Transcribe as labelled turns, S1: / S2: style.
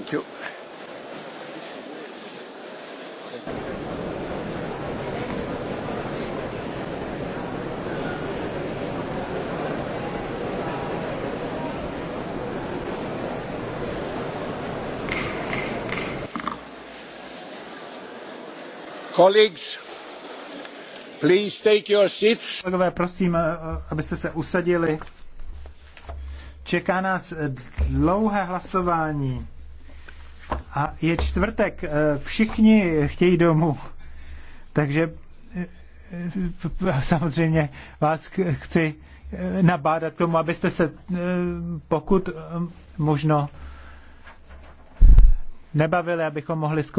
S1: Thank you.
S2: Colleagues, please take your seats.
S3: Kolegové, prosím, eh, abyste se usadili. Čeká nás dlouhé hlasování. A je čtvrtek, eh, všichni chtějí domů. Takže eh, eh, samozřejmě vás chci nabádat
S4: k tomu, abyste se pokud možno nebavili, abychom mohli